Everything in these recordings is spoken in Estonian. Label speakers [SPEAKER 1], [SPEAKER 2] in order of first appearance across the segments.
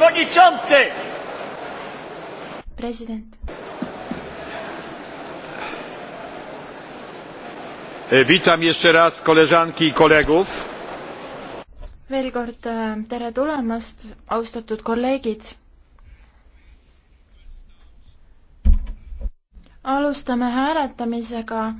[SPEAKER 1] przewodniczący! Prezydent. E, witam jeszcze raz koleżanki i kolegów. veel kord e, tere tulemast, austatud kolleegid. alustame hääletamisega,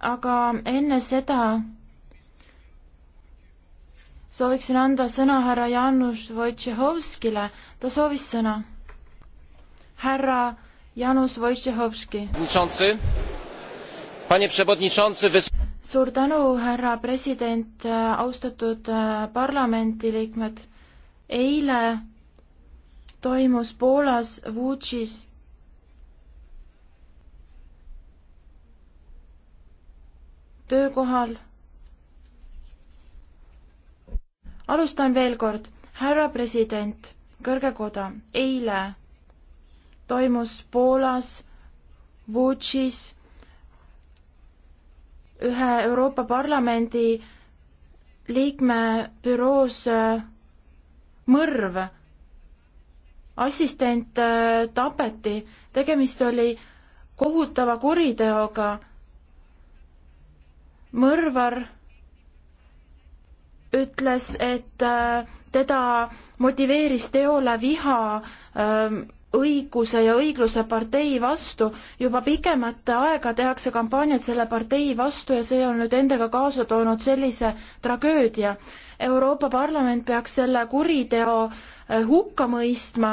[SPEAKER 1] aga enne seda sooviksin anda sõna härra Janus Wojciechowskile, ta soovis sõna. härra Janus Wojciechowski. suur tänu, härra president, austatud äh, parlamendiliikmed. eile toimus Poolas Vutšis töökohal alustan veel kord, härra president, kõrge koda, eile toimus Poolas, Vutšis ühe Euroopa Parlamendi liikme büroos äh, mõrv. assistent äh, tapeti, tegemist oli kohutava kuriteoga. mõrvar ütles, et äh, teda motiveeris teole viha ähm, õiguse ja õigluse partei vastu. juba pikemat aega tehakse kampaaniat selle partei vastu ja see on nüüd endaga kaasa toonud sellise tragöödia. Euroopa Parlament peaks selle kuriteo äh, hukka mõistma.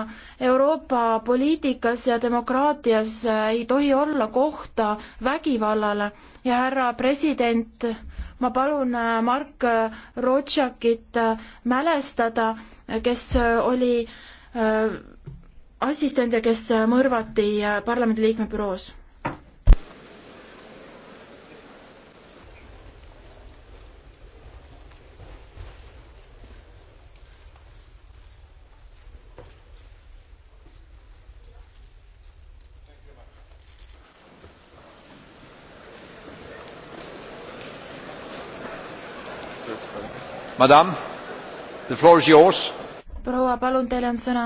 [SPEAKER 1] Euroopa poliitikas ja demokraatias äh, ei tohi olla kohta vägivallale ja härra president ma palun äh, Mark äh, Rotšakit äh, mälestada, kes oli assistent ja kes mõrvati parlamendiliikme büroos Madam, the floor is yours. proua, palun, teil on sõna.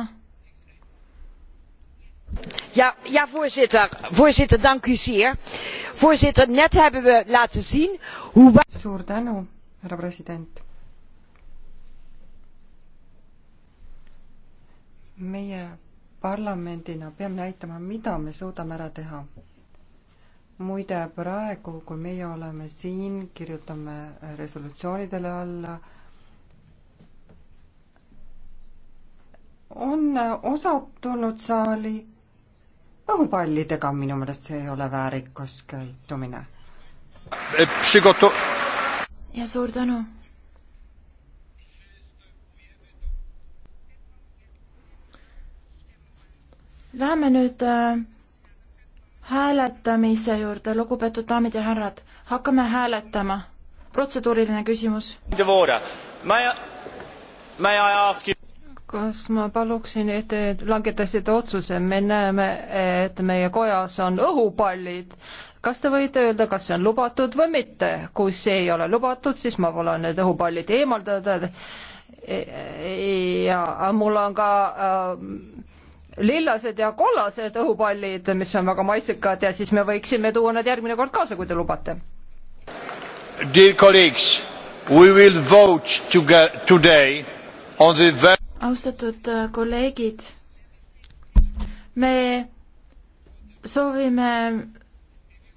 [SPEAKER 1] Ja, ja voorzitter, voorzitter, dank u zeer. Voorzitter, net hebben we laten zien hoe. Suur tänu, härra president. meie parlamendina peame näitama, mida me suudame ära teha. muide, praegu, kui meie oleme siin, kirjutame resolutsioonidele alla on osad tulnud saali õhupallidega, minu meelest see ei ole väärikas käitumine. E, ja suur tänu. Läheme nüüd äh, hääletamise juurde, lugupeetud daamid ja härrad, hakkame hääletama. protseduuriline küsimus. May I, may I ask you? kas ma paluksin, et te langetasite otsuse, me näeme, et meie kojas on õhupallid. kas te võite öelda, kas see on lubatud või mitte? kui see ei ole lubatud, siis ma palun need õhupallid eemaldada. ja mul on ka äh, lillased ja kollased õhupallid, mis on väga maitsekad ja siis me võiksime tuua nad järgmine kord kaasa, kui te lubate. Dear colleagues, we will vote together today on the very austatud äh, kolleegid, me soovime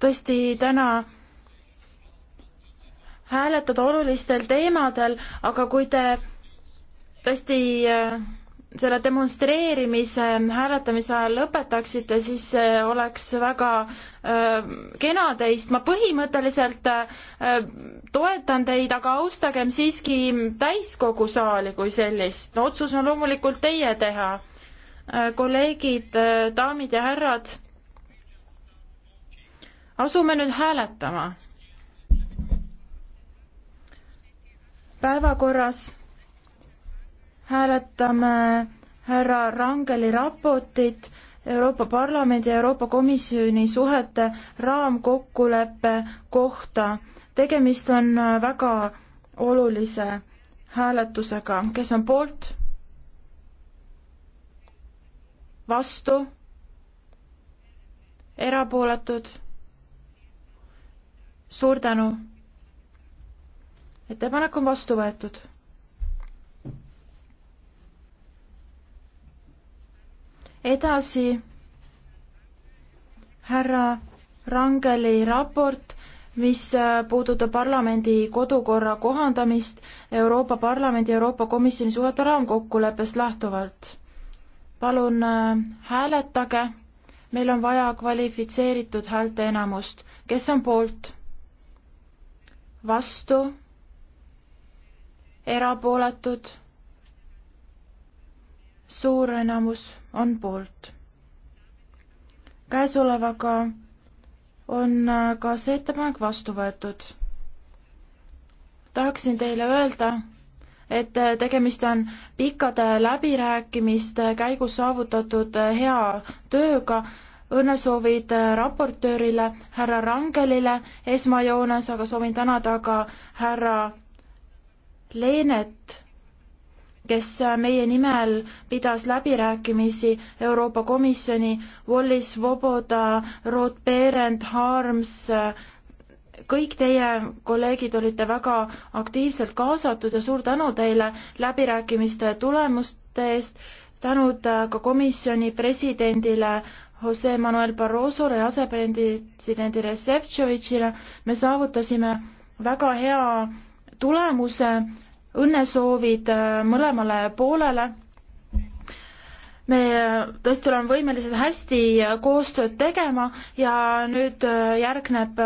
[SPEAKER 1] tõesti täna hääletada olulistel teemadel, aga kui te tõesti äh, selle demonstreerimise hääletamise ajal lõpetaksite, siis see oleks väga äh, kena teist. ma põhimõtteliselt äh, toetan teid, aga austagem siiski täiskogu saali kui sellist no,. otsus on loomulikult teie teha äh,. kolleegid äh,, daamid ja härrad, asume nüüd hääletama. päevakorras hääletame härra Rangeli raportit Euroopa Parlamendi ja Euroopa Komisjoni suhete raamkokkuleppe kohta. tegemist on väga olulise hääletusega, kes on poolt? vastu? erapooletud? suur tänu! ettepanek on vastu võetud edasi härra Rangeli raport, mis äh, puudutab parlamendi kodukorra kohandamist Euroopa Parlamendi ja Euroopa Komisjoni suhete raamkokkuleppest lähtuvalt. palun äh, hääletage, meil on vaja kvalifitseeritud häälteenamust, kes on poolt? vastu? erapooletud? suur enamus on poolt. käesolevaga on äh, ka see ettepanek vastu võetud. tahaksin teile öelda, et äh, tegemist on pikkade läbirääkimiste käigus saavutatud äh, hea tööga, õnnesoovid raportöörile, härra Rangelile esmajoones, aga soovin tänada ka härra Leenet kes meie nimel pidas läbirääkimisi Euroopa Komisjoni, Wallis Voboda, Ruth Berend, Harms, kõik teie kolleegid olite väga aktiivselt kaasatud ja suur tänu teile läbirääkimiste tulemuste eest, tänud ka komisjoni presidendile Jose Manuel Barrosole ja asepresidendile Šefčovitšile, me saavutasime väga hea tulemuse õnnesoovid äh, mõlemale poolele. me äh, tõesti oleme võimelised hästi äh, koostööd tegema ja nüüd järgneb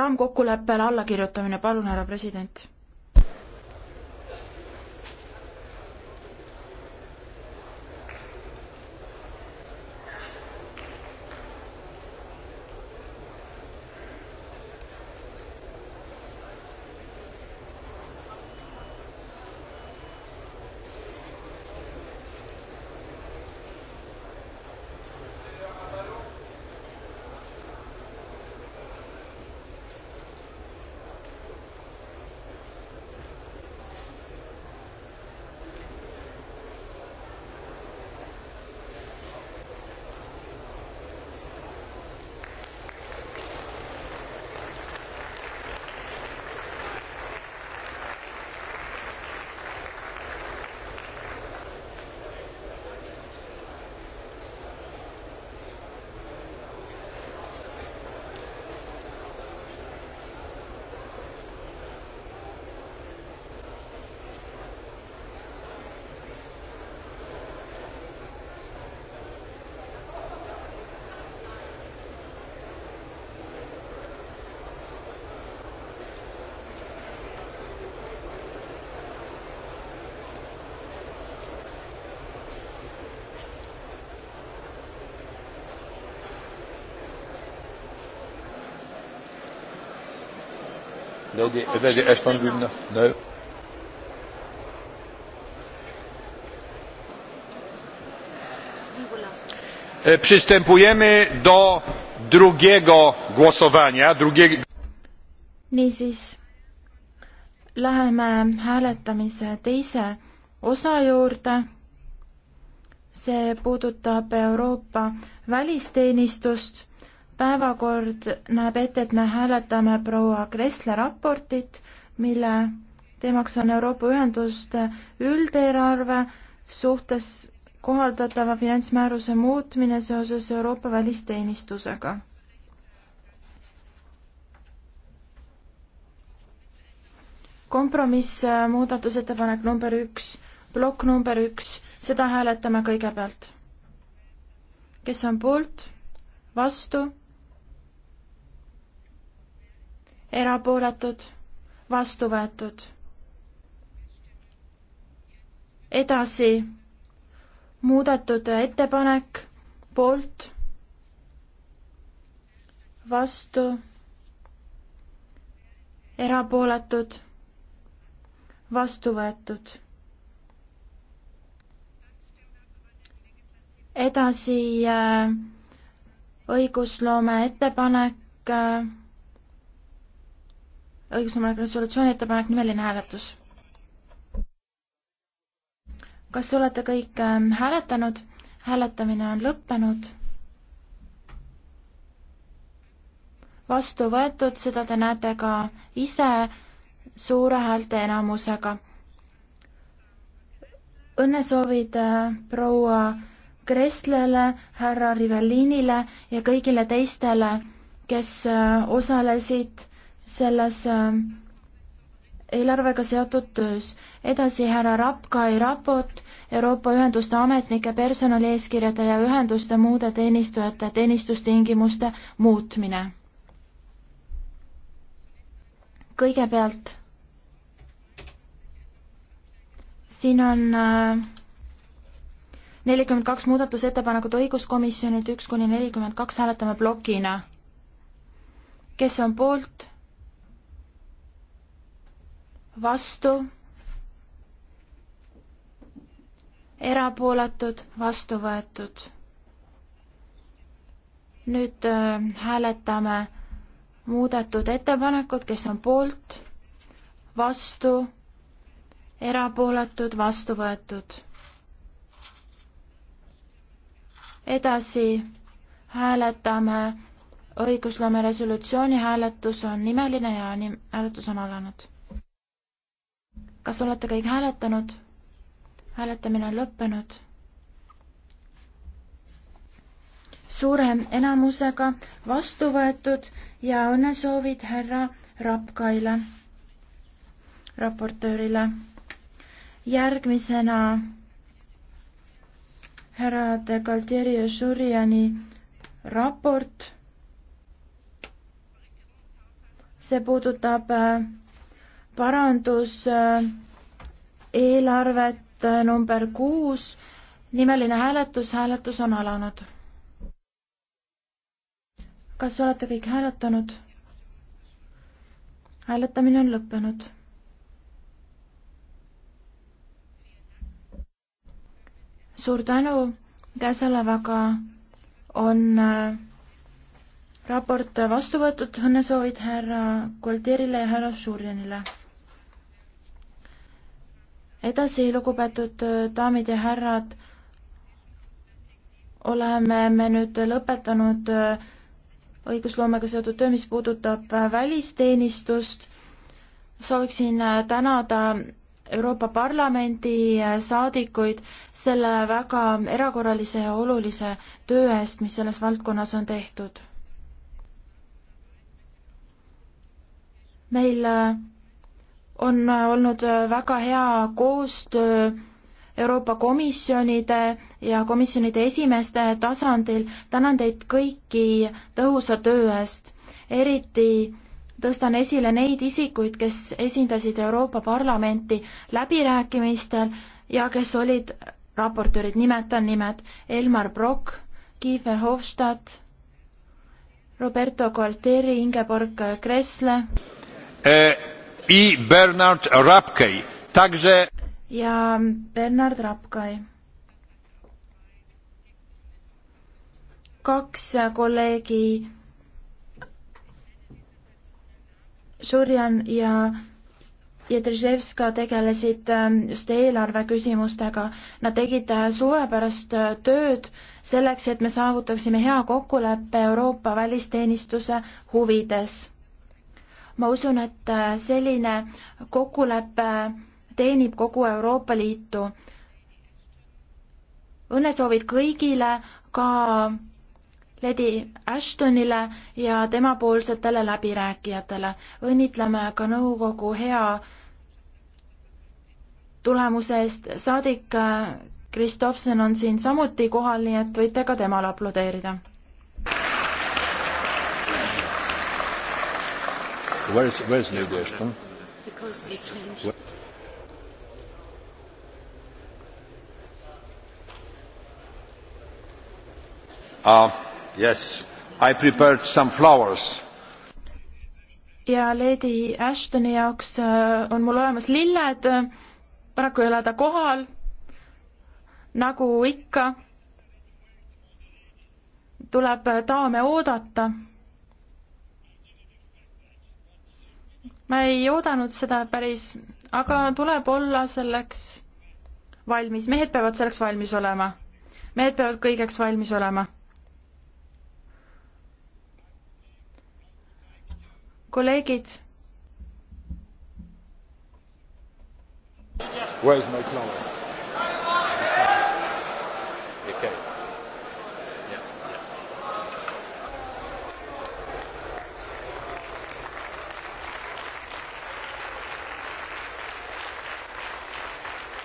[SPEAKER 1] raamkokkuleppele allakirjutamine, palun, härra president Lady, Lady Ashton Gymna. No. Przystępujemy do drugiego głosowania. Drugie... Niisiis, läheme hääletamise teise osa juurde. see puudutab Euroopa välisteenistust päevakord näeb ette, et me hääletame proua Kressle raportit, mille teemaks on Euroopa Ühenduste üldeelarve suhtes kohaldatava finantsmääruse muutmine seoses Euroopa välisteenistusega. kompromiss, äh, muudatusettepanek number üks, plokk number üks, seda hääletame kõigepealt. kes on poolt, vastu erapooletud, vastu võetud. edasi muudetud ettepanek poolt, vastu, erapooletud, vastu võetud. edasi äh, õigusloome ettepanek äh, õigusnõunik resolutsiooni ettepanek, nimeline hääletus. kas olete kõik ähm, hääletanud? hääletamine on lõppenud. vastu võetud, seda te näete ka ise suure häälte enamusega. õnnesoovid äh, proua Kresslele, härra Rivellinile ja kõigile teistele, kes äh, osalesid selles äh, eelarvega seotud töös. edasi härra Rapkai raport Euroopa Ühenduste ametnike personalieeskirjade ja ühenduste muude teenistujate teenistustingimuste muutmine. kõigepealt siin on äh, nelikümmend kaks muudatusettepanekut õiguskomisjonilt, üks kuni nelikümmend kaks hääletame plokina. kes on poolt? vastu, erapooletud, vastu võetud. nüüd äh, hääletame muudetud ettepanekut, kes on poolt, vastu, erapooletud, vastu võetud. edasi hääletame õigusloome resolutsiooni hääletus on nimeline ja nim-, hääletus on alanud kas olete kõik hääletanud? hääletamine on lõppenud. suure enamusega vastu võetud ja õnnesoovid härra Rapkaile, raportöörile. järgmisena härra de Galtieri ja Žurjani raport. see puudutab äh, parandus äh, eelarvet äh, number kuus, nimeline hääletus, hääletus on alanud. kas olete kõik hääletanud? hääletamine on lõppenud. suur tänu, käesolevaga on äh, raport vastu võetud, õnnesoovid härra Kolderile ja härra Šurjanile edasi, lugupeetud äh, daamid ja härrad, oleme me nüüd lõpetanud äh, õigusloomega seotud töö, mis puudutab äh, välisteenistust. sooviksin tänada Euroopa Parlamendi saadikuid selle väga erakorralise ja olulise töö eest, mis selles valdkonnas on tehtud. meil on olnud väga hea koostöö Euroopa Komisjonide ja komisjonide esimeeste tasandil. tänan teid kõiki tõhusa töö eest. eriti tõstan esile neid isikuid, kes esindasid Euroopa Parlamenti läbirääkimistel ja kes olid raportöörid, nimetan nimed Elmar Brock, Kiefer Hofstadt, Roberto Gualteri, Ingeborg Kressle äh i Bernard Rapkej. Także ja Bernard Rapkai. kaks kolleegi Šurjan ja Jedrzejevska tegelesid ähm, just eelarve küsimustega. Nad tegid äh, suurepärast äh, tööd selleks, et me saavutaksime hea kokkuleppe Euroopa välisteenistuse huvides ma usun, et äh, selline kokkulepe teenib kogu Euroopa Liitu. õnnesoovid kõigile, ka Lady Ashtonile ja temapoolsetele läbirääkijatele. õnnitleme ka nõukogu hea tulemuse eest. saadik Kristofsen äh, on siin samuti kohal, nii et võite ka temale aplodeerida Where's, where's Lady Ashton? Because we changed. Where? Uh, yes, I prepared some flowers. ja Lady Ashtoni jaoks äh, on mul olemas lilled, paraku ei ole ta kohal, nagu ikka, tuleb daame oodata ma ei oodanud seda päris, aga tuleb olla selleks valmis, mehed peavad selleks valmis olema. mehed peavad kõigeks valmis olema. kolleegid. Where's my flowers?